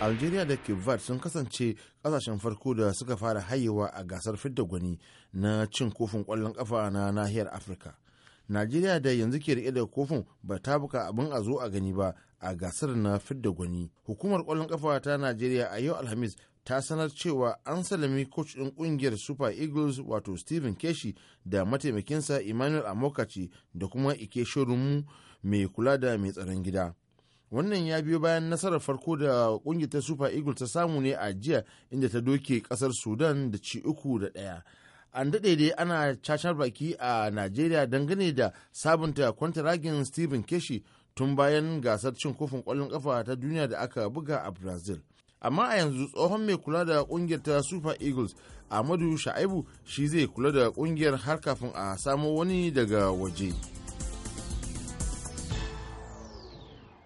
algeria da verde sun kasance kasashen farko da suka fara hayewa a gasar fidda gwani na cin kofin kwallon kafa na nahiyar afirka najeriya da yanzu ke rike da kofin ba ta buka abin a zo a gani ba a gasar na fidda gwani hukumar kwallon kafa ta najeriya a yau alhamis ta sanar cewa an salami coach din kungiyar super eagles wato steven keshi da mataimakinsa emmanuel amokachi da kuma ike mu mai kula da mai tsaron gida wannan ya biyo bayan nasarar farko da kungiyar ta super eagles ta samu ne a jiya inda ta doke kasar sudan da ci uku da daya an daɗe dai ana cacar baki a nigeria dangane da sabunta kwantaragin stephen keshi tun bayan gasar cin kofin kwallon kafa ta duniya da aka buga a brazil amma a yanzu tsohon mai kula da kungiyar ta super eagles ahmadu sha'ibu shi zai kula da kungiyar har kafin a samo wani daga waje.